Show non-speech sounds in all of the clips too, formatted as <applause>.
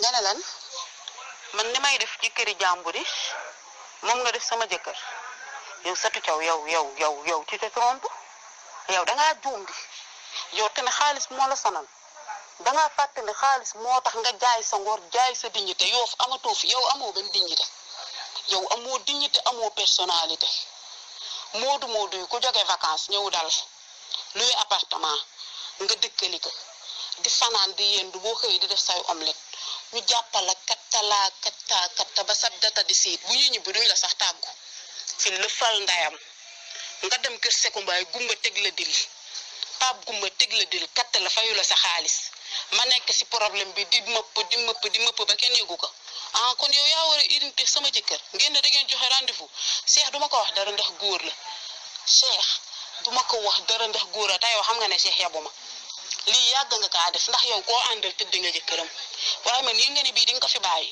nga ne lan man ni may def ci këri jàmbur yi moom nga def sama jëkkër yow satu caw yow yow yow yow ci te trompe yow dangaa juum di yow te ne xaalis moo la sonal dangaa fàtte ne xaalis moo tax nga jaay sa ngor jaay sa dignité yow amatoo fi yow amoo ba benn dignité yow amoo dignité amoo personnalité moodu moodu yi ku jóge vacances ñëw dal luy appartement nga dëkkali ko di fanaan di yendu boo xëyee di def say omelette ñu jàppal ak laa katta ba sa data di siit bu ñuy ñibbi duñ la sax tàggu fi lëfal ndayam nga dem kër sekumbaay gumba teg la dil paap gumba teg la dil katta la fayu la sa xaalis ma nekk ci problème bi di mëpp di mëpp di mëpp ba kenn yëgu ko ah kon yow yaa war a irinte sama jëkkër ngeen da ngeen joxe rendez-vous Cheikh duma ko wax dara ndax góor la Cheikh duma ko wax dara ndax góor la tey yow xam nga ne Cheikh yabu ma lii yàgg nga kaa def ndax yow koo àndal tëdd nga jëkkëram waaye man yéen nga ne bii di nga ko fi bàyyi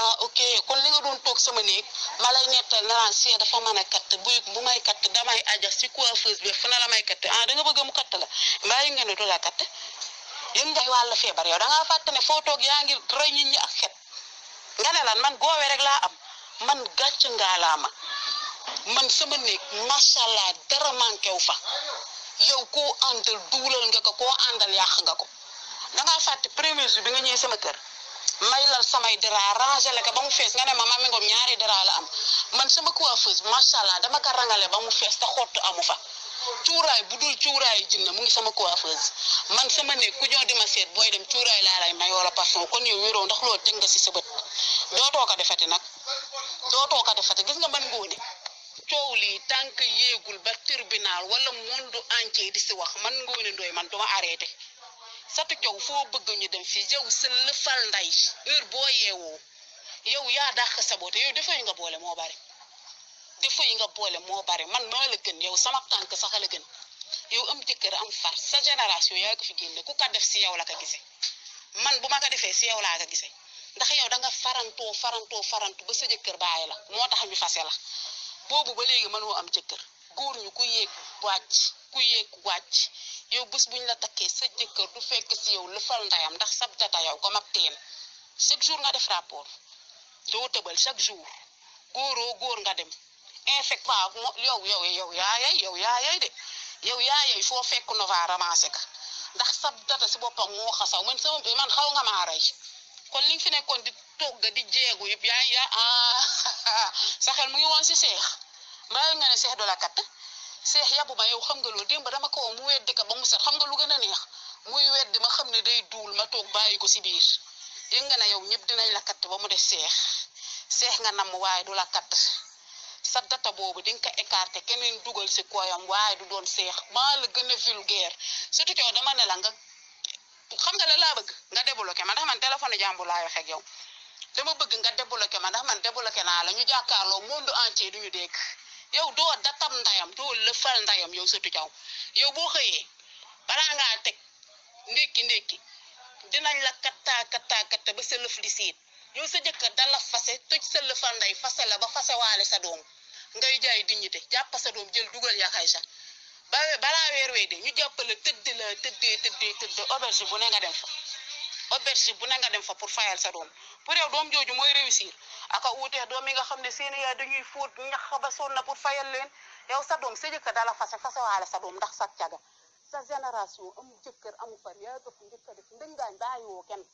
ah, ok kon li nga doon toog sama néeg ma lay nettal naan si dafa mën a katt buy bu may katt damay aja si coiffeuse bi fu na la may katt ah da nga bëgg mu katt la mbaa yëg nga ne du la katt yëg nga wàll feebar yow da ngaa fàtte ne foo toog yaa ngi rey nit ñi ak xet nga ne lan man goowee rek laa am man gàcc ngaa laa ma man sama néeg macha allah dara manqué wu fa. yow koo àndal duulal nga ko koo àndal yàq nga ko dangaa fàtte premier jour bi nga ñëwee sama kër may lal samay dara ranger la ko ba mu fees nga ne ma Mamy Ngom ñaari dara la am man sama coiffeuse macha allah dama ko rangale ba mu fees te xottu amu fa cuuraay bu dul cuuraayu jinne mu ngi sama coiffeuse man sama néeg ku ñoo di ma seet booy dem cuuraay laa lay may wala parfum kon yow wéroo ndax loolu teg nga si sa bët dootoo ko defati nag dootoo ko defati gis nga man ngóone coow lii tànk yéegul ba tribunal wala monde entier di si wax man Ngoné Ndoye man duma arrêté satu coow foo bëgg ñu dem fii yow sa lëfal nday heure boo yeewoo yow yaa dàq sa boote yow defoo nga boole moo bari defoo yi nga boole moo bari man maa gën yow sama tànk sax la gën yow am jëkkër am far sa génération yaa ko fi génne ku ka def si yow la ko gise man bu ma ko defee si yow laa ko gise ndax yow da nga farantoo farantoo farant ba sa jëkkër bàyyi la moo tax ñu fase la boobu ba léegi mënoo am jëkkër góor ñu ku yéeg wàcc ku yéeg wàcc yow bés bu la takkee sa jëkkër du fekk ci yow lu fal ndayam ndax sabtata data yow ko mag teen chaque jour nga def rapport doo tëbal chaque jour góoroo góor nga dem infect pa yow yow yow yaayay yow yaayay de yow yaayay foo fekk nova ramassé ka ndax sab data si boppam moo xasaw man sama man xaw nga maa rey kon li fi nekkoon di togg di jeegu yëpp yaay yaa ah <laughs> mu ngi woon si seex mbayal nga ne seex do la katt seex yabu ma yow xam nga loolu démb dama ko mu weddi ko ba mu set xam nga lu gën a neex muy weddi ma xam ne day duul ma toog ko si biir yëg nga ne yow ñëpp dinañ la katt ba mu def seex seex nga namm waaye du la katt sa data boobu dinga ko écarté keneen dugal si kooyam waaye du doon seex maa la gën a vulgaire surtout yow dama ne la nga xam nga la laa bëgg nga débloqué ma ndax man téléphone jàmbur laay wax ak yow dama bëgg nga débloqué ma ndax man débloqué naa la ñu jàkkaarloo monde entier du ñu dégg yow doo datam ndayam doo lëfal ndayam yow sëtu jaw yow boo xëyee balaa ngaa teg ndékki ndékki dinañ la kattaa kattaa katta ba sa lëf di siit yow sa jëkkër dala fase toj sa lëfal nday fase la ba fase waale sa doom ngay jaay dignité jàpp sa doom jël dugal yaa sa ba weer wee de ñu jàppale tëdd la tëddee tëddee tëdd auberge bu ne nga dem fa auberge bu ne nga dem fa pour fayal sa doom pour yow doom jooju mooy réussir aka uuteex doom yi nga xam ne seen yaay dañuy fóot ñax ba sonn na pour fayal leen yow sa doom sa jëkkër dala fase fase waale sa doom ndax sa caga sa génération amul jëkkër amu far yaa dof njëkk a def ndëngaan bàyyiwoo kenn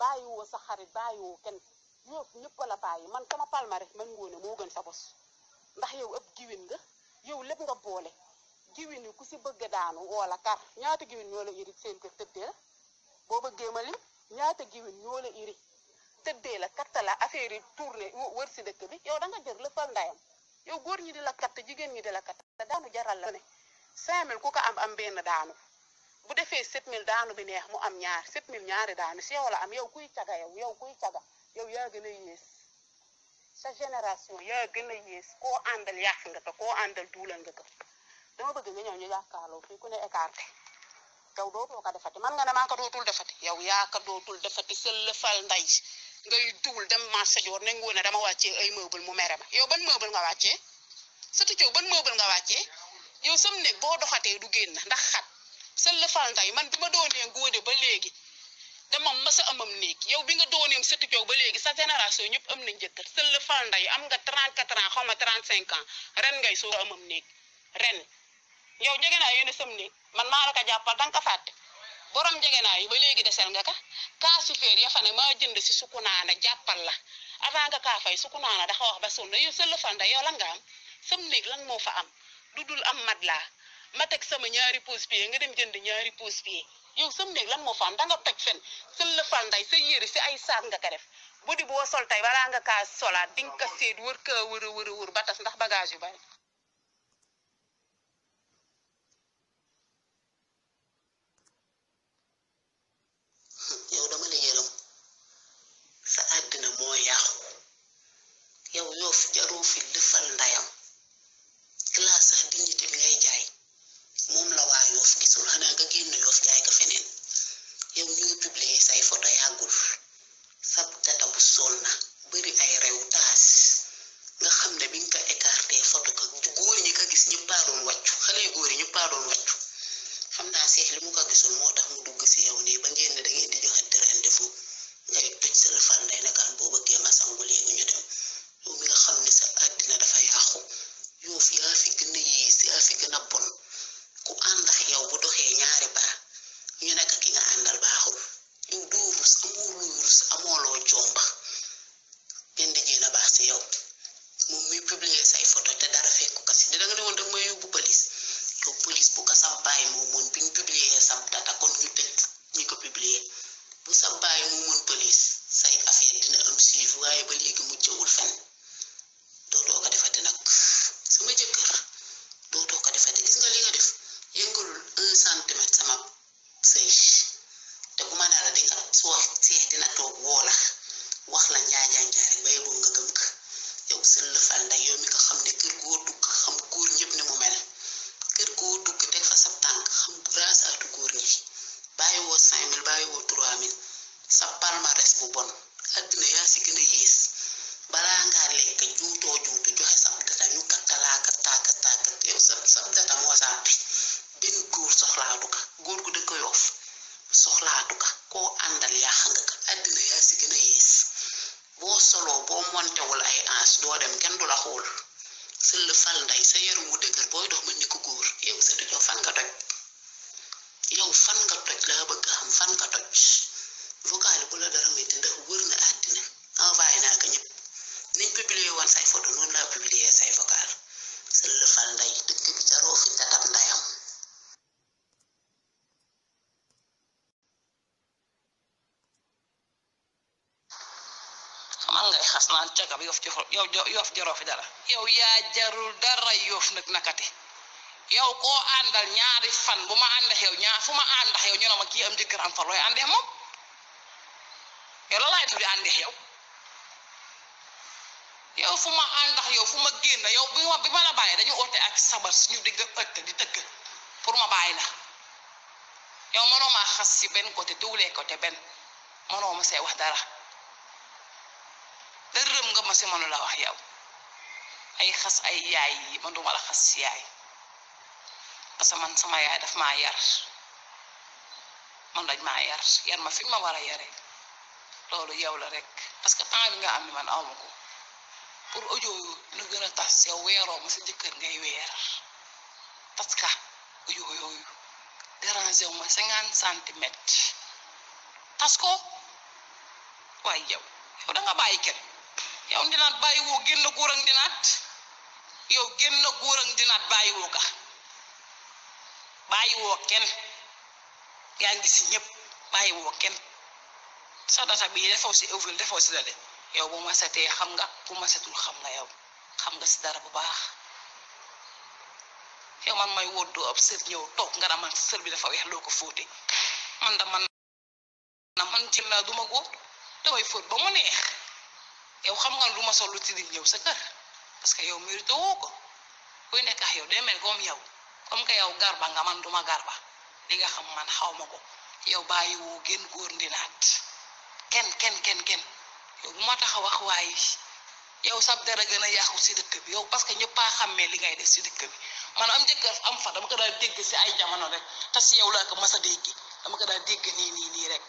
bàyyiwoo sa xarit bàyyiwoo kenn ñëpp ñëpp la yi man a palmarès man ngoone moo gën sa bos ndax yow ëpp giwin nga yow lépp nga boole giwin yi ku si bëgga daanu wala kar ñaata giwin ñoo la iri seen kër tëddee ah? boo bëggee ma ñaata giwin ñoo tëddee la katta la affaire yi tourné wër si dëkk bi yow da nga jël la fal ndayam yow góor ñi di la katt jigéen ñi di la katt daanu jaral la ne cinq mille ku ko am am benn daanu bu defee sept mille daanu bi neex mu am ñaar sept mille ñaari daanu si la am yow kuy caga yow yow kuy caga yow yaa gën a yées sa génération yaa gën a yées koo àndal yàq nga ko koo àndal duulal nga ko dama bëgg nga ñëw ñu yàqaaloo fii ku ne écarté yow dootoo ko defati man nga ne maa dootul defati yow yaa ko dootul defati sëllëfal ngay duwul dem marché joor ne ngoone dama wàccee ay meuble mu mere ma yow ban meuble nga wàccee sëtu coow ban meuble nga wàccee yow sam néeg boo doxatee du génn ndax xat sa lëfal nday man bi ma doonee ngoone ba léegi dama mës a amam néeg yow bi nga dooneem sëtu coow ba léegi sa génération ñëpp am nañ jëkkër sa lëfal nday am nga 34 ans xaw ma 35 ans ren ngay soo amam néeg ren yow jege naa yéen sam néeg man maa la ko jàppal danga ko fàtte borom njegenaay ba léegi desel nga ka kaasufeer ya fa ne maa jënd si sukunaana jàppal la avant nga kaa fay sukunaana dafa wax ba sunna yow sëlla fanda yow la nga am sam néeg lan moo fa am du dul am mat laa ma teg sama ñaari pose pied nga dem jënd ñaari pose pied yow sam néeg lan moo fa am danga nga toj fen sëlla fanday sa yëri si ay saak nga ka def bu di boo sol tey balaa nga kaa solaat di nga ka seet wër kaa wër a wër a ba tas ndax bagage yu bari xas naan cagab yof jëfoo yow yof jaroo fi dara yow yaa jarul dara yoof nag nakati yow koo àndal ñaari fan bu ma àndax yow ñaar fu ma àndax yow ñu ne ma kii am jëkkër am far looy yow fu ma àndax yow fu ma génn yow bi ma bi ma la bàyyi dañu ak sabar suñu digg ëkk di tëgg pour ma bàyyi la maa xas si benn côté tous les côté benn mënoo ma see wax dara dërëm nga ma si mënu la wax yow ay xas ay yaay yi man duma la xas si yaay parce que man sama yaay daf maa yar man dañ maa yar yar ma fi ma war a yare loolu yow la rek parce que temps bi nga am ni man awma ko pour audio lu gën a tas yow weeroo ma sa jëkkër ngay weer tas ka audio yooyu ma cinquante centimètres tas ko waaye yow yow da bàyyi kenn yow ndinaat bàyyiwoo génn góor ak ndinaat yow génn góor ak bàyyiwoo ka bàyyiwoo kenn yaa ngi si ñëpp bàyyiwoo kenn sa data bi defoo si euvil defoo si la de yow bu masetee xam nga bu ma xam nga yow xam nga si dara bu baax yow man may woddoo ab sër ñëw toog nga man sër bi dafa weex loo ko fóote man da man na man jël naa duma góor damay fóot ba mu neex yow xam nga lu ma sol lu tilim ñëw sa kër parce que yow mérite woo ko kuy nekk ak yow day mel comme yow comme que yow garba nga man duma garba li nga xam man xaw ma ko yow bàyyiwu génn gën góor ndinaat kenn kenn kenn kenn yow bu ma tax a wax waaye yow sab dara gën a yàqu si dëkk bi yow parce que ñëpp a xàmmee li ngay def si dëkk bi man am jëkkër am fa dama ko daal dégg si ay jamono rek te si yow laa ko mas a dégg dama ko daal dégg nii nii nii rek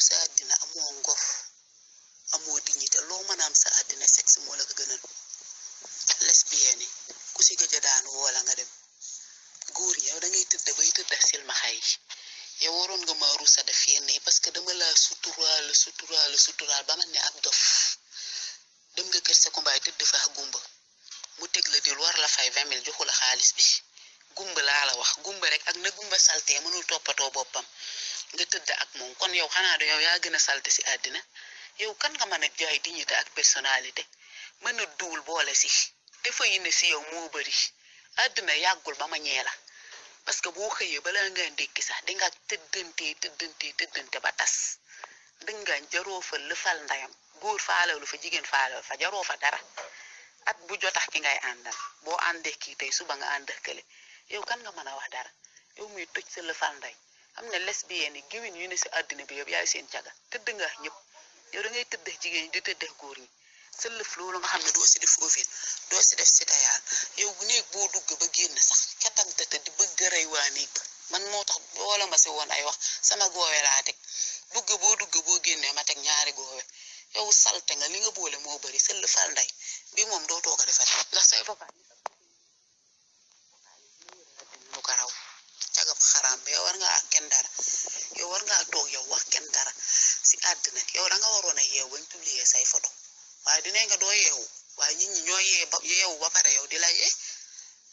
yow sa àddina amoo ngor amoo dignité loo mën a am sa àddina sexe moo la ko gënal lesbienne yi ku si gëj daanu woo nga dem góor yow da ngay tëdd bay tëdd silmaxa yi yow waroon nga ma sa def yenn yi parce que dama la suturaal suturaal suturaal ba man ne ab dof dem nga kër sa kumbaay tëdd faax gumba mu teg la dil la fay vingt mille joxu xaalis bi gumba laa la wax gumba rek ak na gumba saltee mënul toppatoo boppam nga tëdd ak moom kon yow xanaa de yow yaa gën a salte si àddina yow kan nga mën a jaay dignité ak personnalité mën a duul boole si dafa yi ne si yow moo bëri àddina yàggul ba ma ñee la parce que boo xëyee balaa nga ndékki sax di nga tëddante tëddante tëddante ba tas dëngaan jaroo fa lëfal ndeyam góor faalalu fa jigéen faalalu fa jaroo fa dara at bu jotax ki ngay àndal boo àndee kii tey suba nga ànd kële yow kan nga mën a wax dara yow muy toj sa lëfal xam ne lesbiennes yi géwén yu ne si àddina bi yow yaay seen caga tëdd nga ñëpp yow da ngay tëddee jigéen ñi di tëddee góor ñi sëllëf loolu nga xam ne doo si def ovine doo si def citayal yow bu néeg boo dugg ba génn sax katante te di bëgg a rey waa néeg man moo tax wala ma si woon ay wax sama goowe laa teg dugg boo dugg boo génnee ma teg ñaari goowe yow salte nga li nga boole moo bëri sëllëfal ndey bi moom doo toog a defar ndax say nee nga doo yeewu waaye nit ñi ñoo ba pare yow di la yee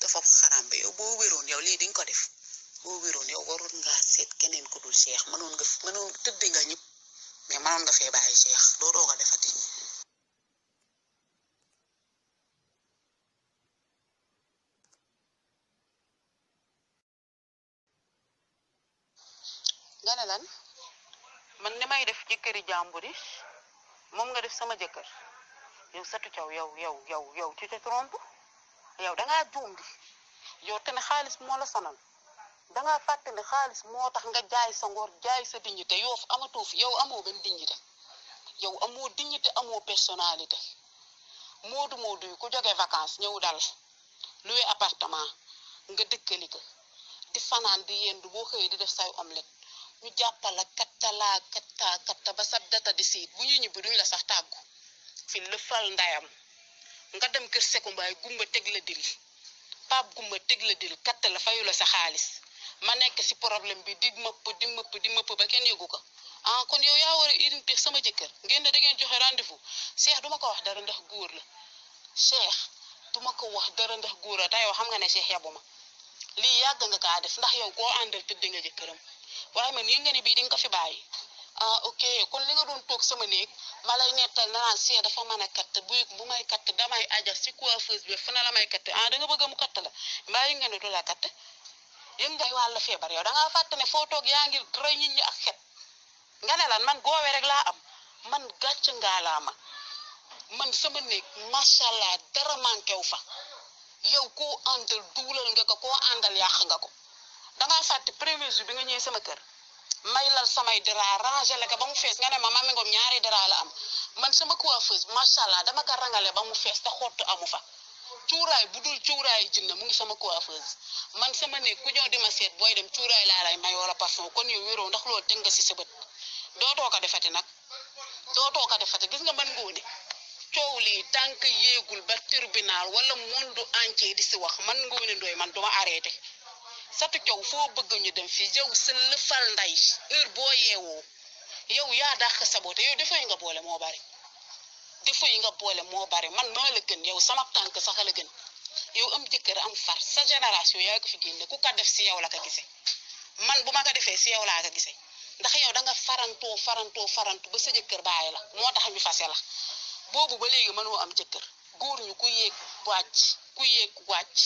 dafa xaram lii di ko def boo wéroon yow waroon ngaa seet keneen ku nga mënoon mais mënoon nga fee bàyyi Cheikh defati. nga man ni may def jëkkëri jàmbur yi moom nga def sama jëkkër yow satu caw yow yow yow yow tu te yow dangaa juum di yow te ne xaalis moo la sonal dangaa fàtte ne xaalis moo tax nga jaay sa ngor jaay sa te yow amatoo fi yow amoo benn dignité yow amoo dignité amoo personnalité moodu moodu yi ku jógee vacances ñëw dal loué appartement nga dëkkali ko di fanaan di du boo xëyee di def say omelette ñu jàppala katta laa katta katta ba sa data di siit bu ñu ñibbi duñ la sax tàggu fi lëfal ndayam nga dem kër sekumbaay gumba teg la dil paap gumba teg la dil katt la fayu la sa xaalis ma nekk ci problème bi di mëpp di mëpp di mëpp ba kenn yëgu ko ah kon yow yaa war a identifier sama jëkkër ngeen da ngeen joxe rendez-vous Cheikh duma ko wax dara ndax góor la Cheikh duma ko wax dara ndax góor la te yow xam nga ne Cheikh ma lii yàgg nga kaa def ndax yow koo àndal tëdd nga jëkkëram waaye man yënga ne bii di ko fi bàyyi ah ok kon li nga doon toog sama néeg ma lay nettal naan sie dafa mën a katt buy bu may katt damay aja si coiffeuse bi fu na la may katt ah da nga bëgg mu katt la mbaa yi nga ne du la katt yëg nga wàll feebar yow danga ngaa ne foo toog yaa ngir rey nit ñi ak xet nga ne lan man goowee rek laa am man gàcc ngaa ma man sama néeg macha allah dara manqué wu fa yow koo àndal duulal nga ko koo àndal yàq nga ko da ngaa fàtte premier jour bi nga ñëwee sama kër. may lal samay dara rangé la ko ba mu fees nga ne ma Mamy Ngom ñaari dara la am man sama coiffeuse macha allah dama ko rangale ba mu fees te xottu amu fa cuuraay bu dul cuuraayu jinne mu ngi sama coiffeuse man sama néeg ku di ma seet booy dem cuuraay laa lay may wala parfum kon yow wéroo ndax loolu teg nga si sa bët dootoo ko defati nag doo dootoo ko defati gis nga man ngoone coow lii tànk yéegul ba tribunal wala monde entier di si wax man ngoone ndooy man duma arrêté Fatou Thiaw foo bëgg ñu dem fii yow sa lëfal nday heure boo yeewoo yow yaa dàq saboote yow defoo yi nga boole moo bari defoo yi nga boole moo bari man maa la gën yow sama tànk sax la gën yow am jëkkër am far sa génération yaa ko fi génne ku ka def si yow la ko gisee man bu ma ko defee si yow laa ko gisee ndax yow da nga farantoo farantoo farantu ba sa jëkkër bàyyi la moo tax ñu fase la boobu ba léegi mënoo am jëkkër góor ñu ku yéeg wàcc ku yéeg wàcc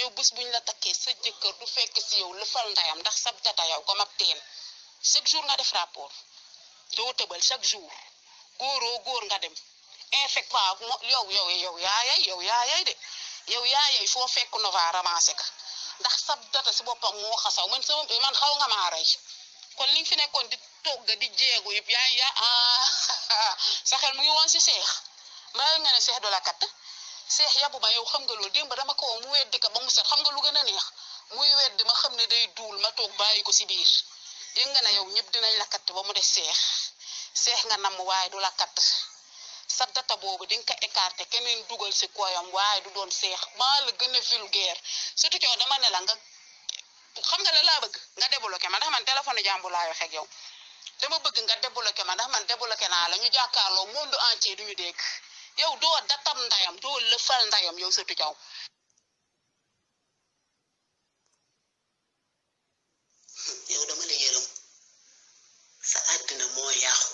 yow bés bu la takkee sa jëkkër du fekk si yow lu fal ndayam ndax sab data yow comme ab teen chaque jour nga def rapport doo tëbal chaque jour góoroo góor nga dem infect waaw yow yow yow yaayay yow yaayay de yow yaayay foo fekk nova ramassé ka ndax sab data si boppam moo xasaw man man xaw nga maa kon li fi nekkoon di togg di jeegu yëpp yaay yaa <laughs> sa mu ngi woon si seex mbaa nga ne seex du la katt seex yabu ma yow xam nga loolu démb dama ko woo mu weddi ko ba mu set xam nga lu gën a neex muy weddi ma xam ne day duul ma toog bàyyi ko si biir yëg na ne yow ñëpp dinañ la katt ba mu des seex seex nga namm waaye du la katt sa data boobu di nga ko écarté keneen dugal si koyam waaye du doon seex maa la gën a vulgaire tu coow dama ne la nga xam nga la laa bëgg nga débloqué ma ndax man téléphone jàmbu laa waxee ak yow dama bëgg nga débloqué ma ndax man débloqué naa la ñu jàkkaarloo monde entier du ñu dégg. yow doo datam ndayam doo lëfal ndayam yow sëtu jaw yow dama la yërëm sa àddina moo yàqu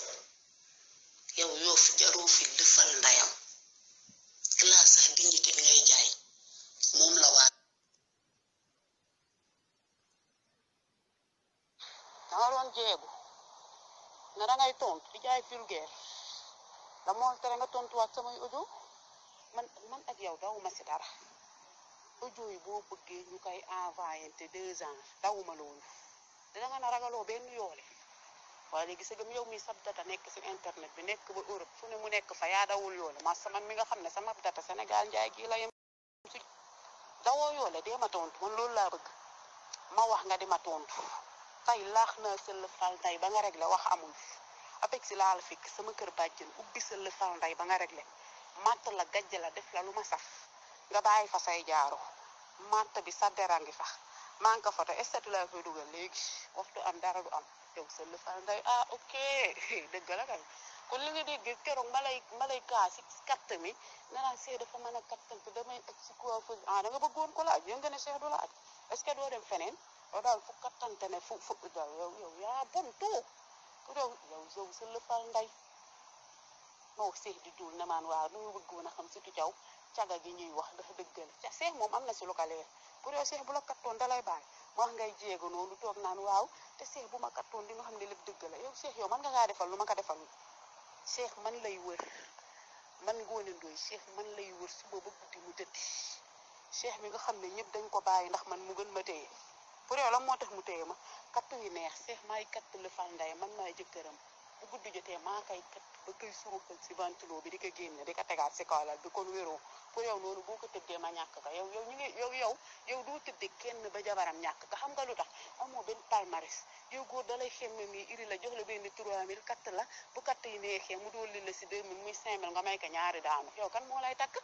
yow yoo fi jaroo fi lëfal ndayam classe ak dignité bi ngay jaay moom la waa danga doon jeegu ne dangay tontu di jaay da moo tere nga tontuwaat samay audio man man ak yow dawuma si dara audio yi boo bëggee ñu koy envoyé te deux ans dawuma loolu te da nga na ragaloo benn yoole waaye léegi sëgam yow mi sab data nekk si internet bi nekk ba Europe fu ne mu nekk fa yaa dawul yoole man mi nga xam ne sama data Sénégal njaay gii la yem si dawoo yoole dee ma tontu man loolu laa bëgg ma wax nga di ma tontu tey laax naa sël fal tey ba nga réglé wax amul. avec si laa la fekk sama kër bàjjen ubbi sa la fal nday ba nga réglé matt la gajj la def la lu ma saf nga bàyyi fa say matt bi sa dera ngi fax maa ko foto estatu laa koy dugal léegi waxtu am dara du am yow sa la fal nday ah ok <laughs> la kay kon li nga dégg keroog ma lay ma lay kaa si katt mi ne naa Cheikh dafa mën a kattan te damay ak si coiffeuse ah da nga bëggoon ko laaj yëngu ne Cheikh du laaj est ce doo dem feneen loolu daal fu kattante ne fu fu yow yow yaa bon tout réew yow yow sa lëppal nday moo seex di duul ne maan waaw dama bëggoon a xam surtout Diaw caga gi ñuy wax dafa dëggal ca seex moom am na si lu ko leer pour yow seex bu la kattoon dalay bàyyi mu wax ngay jéego noonu toog naan waaw te seex bu ma kattoon di nga xam ne lépp dëgg la yow seex yow man nga ngaa defal lu ma ko defal seex man lay wër man ngoone ndooy seex man lay wër suba ba guddi mu tëddi seex bi nga xam ne ñëpp dañ ko bàyyi ndax man mu gën ma téye pour yow la moo tax mu téye ma katt yu neex seex maay katt lu fal nday man maay jëkkëram bu guddi jotee maa kay katt ba koy suruxal si ventilo bi di ko génne di ko tegaat si kaw lal bi kon wéroo pour yow loolu boo ko tëddee ma ñàkk ko yow yow ñu ngi yow yow yow doo tëddee kenn ba jabaram ñàkk ko xam nga lu tax amoo benn palmarès yow góor dalay xemme mi iri la jox la benn 3000 katt la bu katt yi neexee mu dolli la si 2000 muy 5000 nga may ko ñaari daanu yow kan moo lay takk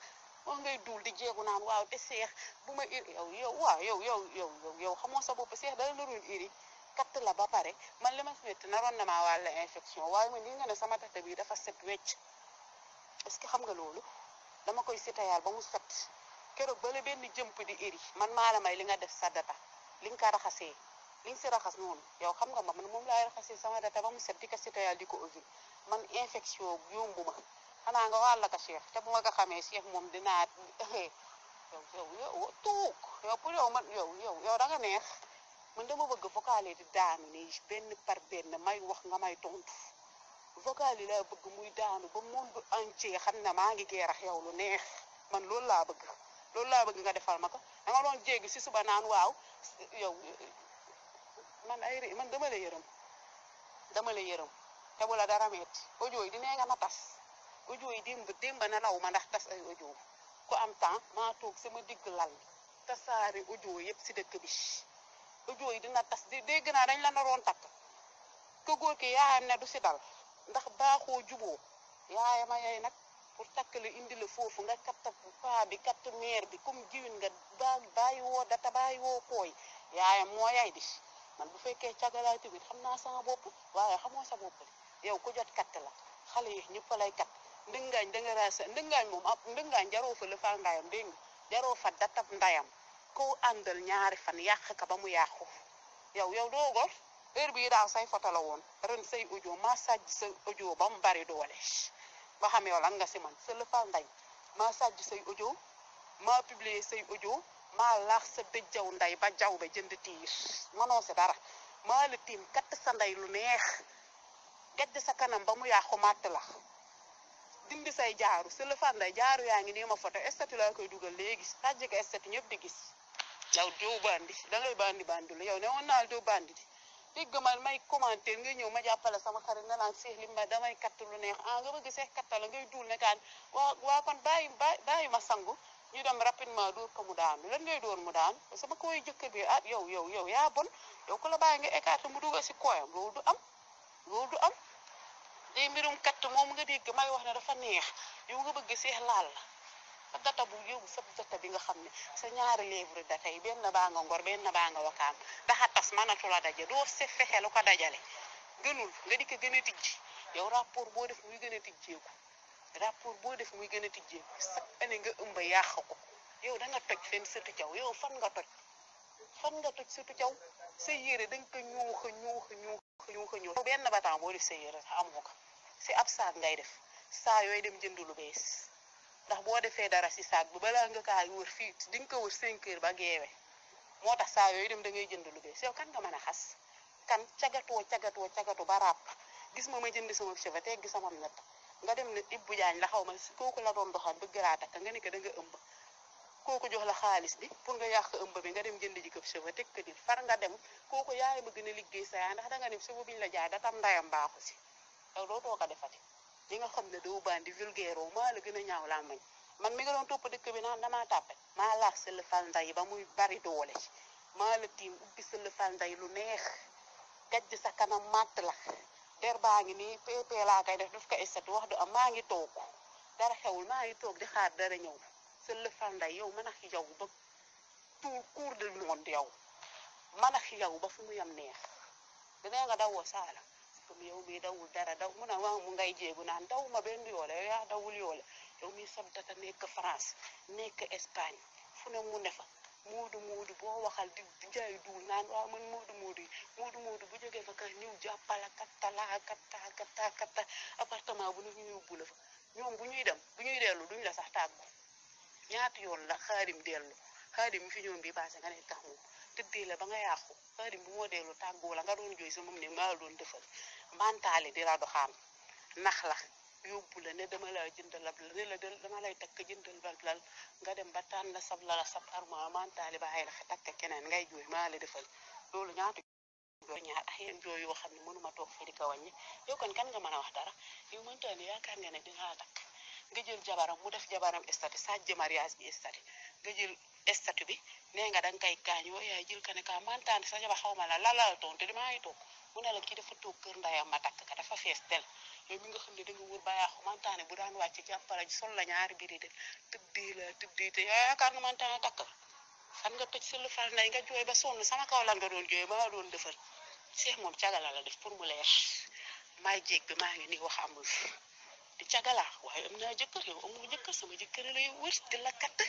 wax ngay duul di jeegu naan waaw te seex bu ma ur yow yow waaw yow yow yow yow yow xamoo sa bopp seex dara naroon uri katt la ba pare man la ma fi métti naroon na maa wàll infection waaye man li nga sama tata bi dafa set wecc est que xam nga loolu dama koy sitayaal ba mu set keroog bala benn jëmp di uri man maa la may li nga def sa data li nga ko raxasee li nga si raxas noonu yow xam nga ma man moom laay raxasee sama data ba mu set di ko sitayaal di ko ovule man infection yombu ma xanaa nga wàll ka Cheikh te bu nga xamee Cheikh moom dinaa eh, yow yow yow tuug yow pour yow yow yow da nga neex man dama bëgg vocal yi di daanu nii benn par benn may wax nga may tontu vocal yi laa bëgg muy daanu ba monde entier xam ne maa ngi geerax yow lu neex man loolu laa bëgg loolu laa bëgg nga defal ma ko dama doon jéggi si suba naan waaw yow man ay man dama la yërëm dama la yërëm te bu la dara metti audio yi di nee nga ma tas audio yi démb démb nelaw ma ndax tas ay audio ku am temps maa toog sama digg lal tasaare audio yëpp si dëkk bi audio yi dina tas di dégg naa dañ la naroon takk ku góor ki yaayam ne du si dal ndax baaxoo juboo yaayama yay nag pour takk la indi la foofu nga katt paa bi katt meer bi comme jiwin nga bàyyi woo data bàyyi woo kooy yaayam moo yay di man bu fekkee cagalaay tamit xam naa sama bopp waaye xamoo sa bopp yow ku jot katt la xale yi ñëpp lay katt ndëngaañ da nga raasa ndëngaañ moom ah ndëngaañ jaroo fa lëfaa ndaayam dégg jaroo fa datab ndayam koo àndal ñaari fan yàq ka ba mu yàqu yow yow doo gor heure bii daaw say foto la woon ren say audio ma sàjj sa audio ba mu bari doole ba xam yow lan nga si man sa lëfaa ndañ say audio maa publier say audio maa laax sa dëjjaw nday ba jaw ba jënd tiir manoo si dara maa la tiim sa nday lu neex gedd sa kanam ba mu yàqu màtt la dindi say jaaru sëlëfanda jaaru yaa ngi nii ma foto estatu laa koy dugal léegi tàjj a estatu ñëpp di gis yow doo bandi da ngay bandi bandi la yow ne woon naa doo bandi di dégg ma may commentaire ngay ñëw ma jàppale sama xarit nga naan seex li ma damay katt lu neex ah nga bëgg ngay duul ne kaan waa waa kon bàyyi bàyyi ma sangu ñu dem rapidement dóor ko mu daanu lan ngay doon mu daanu sama kooy jëkkër bi ah yaw yow yow yaa bon yow ko la bàyyi nga écarté mu dugal si kooyam loolu du am loolu tey mbirum katt moom nga dégg may wax ne dafa neex yow nga bëgg seex laal la sa data bu yóbbu sa data bi nga xam ne sa ñaari livre da yi benn baa nga ngor benn baa nga wakaam daxa tas mënatu la daje doo se fexe lu ko dajale gënul nga di ko gën a tijji yow rapport boo def muy gën a tijjeeku rapport boo def muy gën a tijjeeku sa année nga ëmba yàq ko yow da nga toj fenn sëtu caw yow fan nga toj fan nga toj sëtu caw sa yére da nga ko ñuuxa ñuuxa ñuuxa ñuuxa ñuux benn bataan boo def sa yére amoo ko si ab saag ngay def saa yooyu dem jënd lu bees ndax boo defee dara si saag bi balaa nga kaa wër fii di nga ko wër 5 heures ba geewe moo tax saa yooyu dem da ngay jënd lu bees yow kan nga mën a xas kan cagatoo cagatoo cagatu ba ràpp gis ma ma jënd sama chevet teg gi sama natt nga dem ne Ibou Diagne la xaw ma kooku la doon doxal bëgg laa takk nga nekk ko da ëmb kooku jox la xaalis bi pour nga yàq ëmb bi nga dem jënd ji këp cheveux teg ko nit far nga dem kooku yaay bëgg na liggéey sa ndax da nga ne cheveux biñ la jaay da tam ndayam baaxu si yow dootoo ko defati li nga xam ne doo bandi vulgaire oo maa la gën a ñaaw laa mañ man mi nga doon topp dëkk bi naan damaa tàppe maa laax sa lëfal nday ba muy bari doole ci maa la tiim ubbi sa lëfal nday lu neex gajj sa kanam màtt la baa ngi nii laa koy def daf ko estat wax du am maa ngi toog dara maa ngi toog di ñëw sa yow mën a yow ba tout cours de monde yow mën a yow ba fu mu yam neex dina nga dawoo saala comme yow mi dawul dara daw mu naan waaw mu ngay jéegu naan daw ma benn yoole yow yaa dawul yoole yow mi sab data nekk France nekk Espagne fu ne mu ne fa moodu boo waxal di jaay duul naan waaw man moodu moodu yi bu jógee fa ka ñëw jàppala katta laa katta katta katta appartement bu ne ñu ñëw bu la fa ñoom bu ñuy dem bu ñuy dellu duñ la sax tàggu ñaata yoon la xaarim dellu xaarim mi fi ñoom bi passé nga ne moom tëddee la ba nga yàqu xaarim bu moo deelu ta la nga doon jooy sa moom ne maa doon defal bantaali di la doxaan nax la yóbbu la ne dama la jëndal ab ne la dama lay takk jëndal balal nga dem ba tànn la sab lala sab armoire bantaali ba ay la takk keneen ngay jooy maa la defal loolu ñaata ñaar ay jooy yoo xam ne mënuma toog fi a ko wàññi yow kon kan nga mën a wax dara yow mënta ne yaakaar nga ne dinaa takk nga jël jabaram mu def jabaram statut sàcc mariage bi statut nga jël statut bi nee nga da nga koy gaañoo yaay jël ka ne ka mantaan sa jabar xaw ma la la la toon damaa ngi toog mu ne la kii dafa toog kër ndayam ma takk ka dafa fees del yow mi nga xam ne da nga wóor ba mantaane bu daan wàcc jàppale sol la ñaari biri de tëddee la tëddee te yaa yaakaar na mantaane takk xam nga si lu fal nay nga jooy ba sonn sama kaw lan nga doon jooy ba nga doon defar seex moom cagala la def pour mu leer maay jéeg bi maa ngi nii wax amul di cagalaa waaye am naa jëkkër yoo amul jëkkër sama jëkkër lay wër di la katt